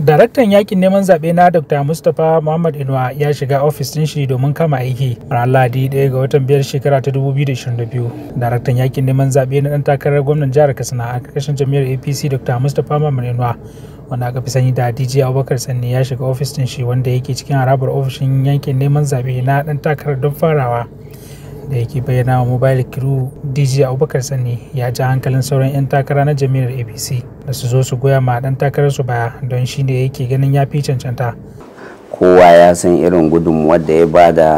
Daraktan yakin neman zaɓe na Dr. Mustapha Muhammad Inuwa ya shiga ofis ɗin shi domin kama aiki ranar Lahadi ɗaya ga watan biyar shekara ta 2022. Daraktan yakin neman zaɓe na ɗan takarar gwamnan jihar Katsina a ƙarƙashin jam'iyyar APC Dr. Mustapha Muhammad Inuwa wanda aka fi sani da DJ Abubakar Sanni ya shiga ofis ɗin shi wanda yake cikin harabar ofishin yankin neman zaɓe na ɗan takarar don farawa. da yake bayyana wa mobile crew dj abubakar sani ya ji hankalin sauran 'yan takara na jami'ar apc da su zo su goya ma dan takarar su baya don shi ne yake ganin ya fi cancanta kowa ya san irin gudunmuwar da ya bada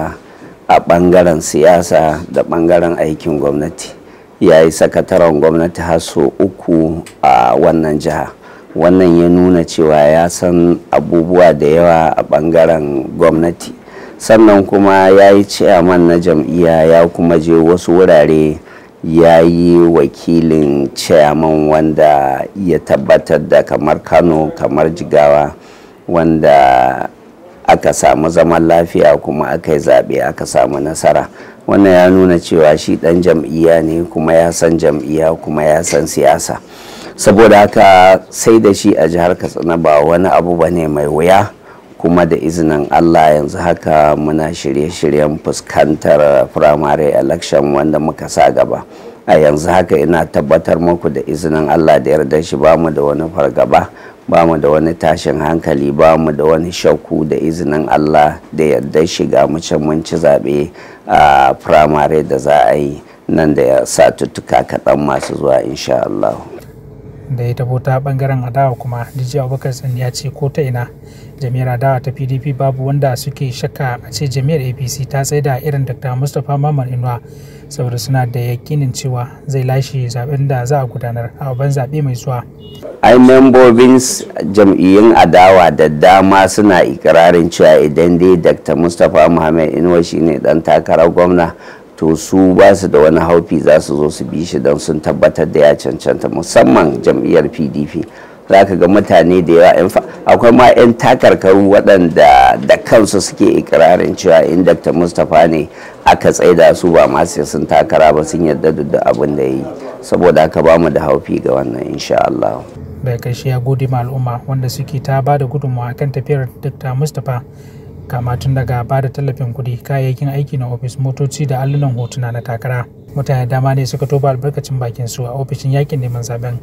a bangaren siyasa da bangaren aikin gwamnati ya yi sakataren gwamnati har uku a wannan jiha wannan ya nuna cewa ya san abubuwa da yawa a bangaren gwamnati sannan kuma ya yi ciyaman na jam'iyya ya kuma je wasu wurare ya yi wakilin ciyaman wanda ya tabbatar da kamar kano kamar jigawa wanda aka samu zaman lafiya kuma aka yi zaɓe aka samu nasara wannan ya nuna cewa shi ɗan jam'iyya ne kuma ya san jam'iyya kuma ya san siyasa saboda haka sai da shi a jihar katsina ba wani abu ba ne mai wuya kuma da izinin allah yanzu haka muna shirye-shiryen fuskantar primary election wanda muka sa gaba a yanzu haka ina tabbatar muku da izinin allah da yarda shi bamu da wani fargaba bamu da wani tashin hankali bamu da wani shakku da izinin allah da yarda shi ga mace mun ci zaɓe a primary da za a yi nan da satuttuka kaɗan masu zuwa insha allah da ya tabo ta bangaren adawa kuma dj abubakar sani ya ce ko ta ina jami'ar adawa ta pdp babu wanda suke shakka a ce jami'ar apc ta tsaida irin dr mustapha mamman inuwa saboda suna da yakinin cewa zai lashe zaben da za a gudanar a babban zaɓe mai zuwa ai membobin jam'iyyun adawa da dama suna ikirarin cewa idan dai dr mustapha muhammad inuwa shine dan takarar gwamna to su ba su da wani haufi za su zo su bi shi don sun tabbatar da ya cancanta musamman jam'iyyar pdp za ka ga mutane da yawa yan akwai ma 'yan takarkaru waɗanda da kansu suke ikirarin cewa in dr mustapha ne aka tsaida su ba ma sai sun takara ba sun yarda da abin da ya yi saboda haka ba mu da haufi ga wannan insha Allah. bai kai shi ya gode ma al'umma wanda suke ta ba da gudunmawa kan tafiyar dr mustapha kama tun daga ba da tallafin kudi kayayyakin aiki na ofis motoci da allunan hotuna na takara mutane dama ne suka toba albarkacin bakin su a ofishin yakin neman zaben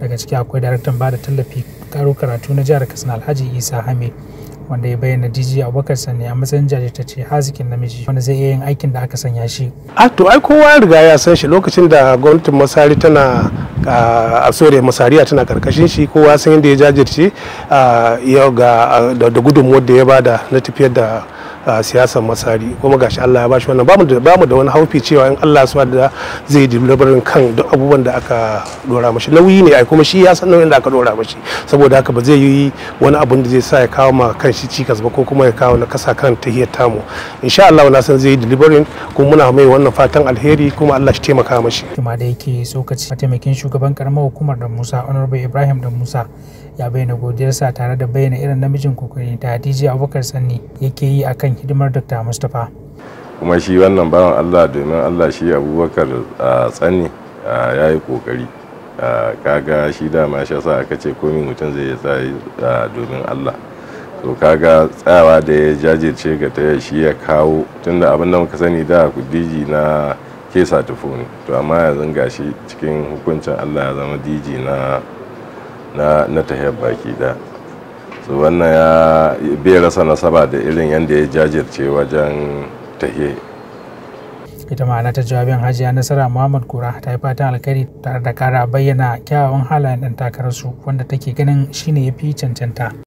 daga ciki akwai daraktan ba da tallafi karo karatu na jihar katsina alhaji isa hamid wanda ya bayyana DJ Abubakar Sani a matsayin jajirtacce hazikin namiji wanda zai iya yin aikin da aka sanya shi. A ah, to ai kowa ya riga ya san shi lokacin da gwamnatin Masari tana a ah, sore Masariya tana karkashin shi kowa san yadda ya jajirce ah, da gudunmuwar da ya bada na tafiyar da a siyasar masari kuma gashi Allah ya bashi wannan ba mu da wani haufi cewa in Allah su da zai dublabarin kan duk abubuwan da aka dora mashi nauyi ne ai kuma shi ya san nauyin da aka dora mashi saboda haka ba zai yi wani abun da zai sa ya kawo ma kan shi cikas ba ko kuma ya kawo na kasa kan tahiyar tamu insha Allah na san zai delivery kuma muna mai wannan fatan alheri kuma Allah shi taimaka mashi kuma da yake sokaci mataimakin shugaban karamar hukumar da Musa Honorable Ibrahim da Musa ya bayyana godiyarsa tare da bayyana irin namijin kokari da Hadiji Abubakar Sanni yake yi akan hidimar Dr. Mustapha. Kuma shi wannan bawan Allah domin Allah shi Abubakar tsani ya yi kokari. Kaga shi dama shi sa aka ce komi mutum zai yi tsayi domin Allah. To kaga tsayawa da ya jajirce ga ta shi ya kawo tunda abin da muka sani da diji na ke tufo ne to amma yanzu gashi cikin hukuncin Allah ya zama diji na na na baki da su wannan ya biya rasa nasaba da irin yadda ya jajirce wajen tahe ita ma'ana ta jawabin hajiya nasara muhammad kura ta yi fatan alkhairi tare da kara bayyana kyawawan halayen ɗan takararsu wanda take ganin shine ya fi cancanta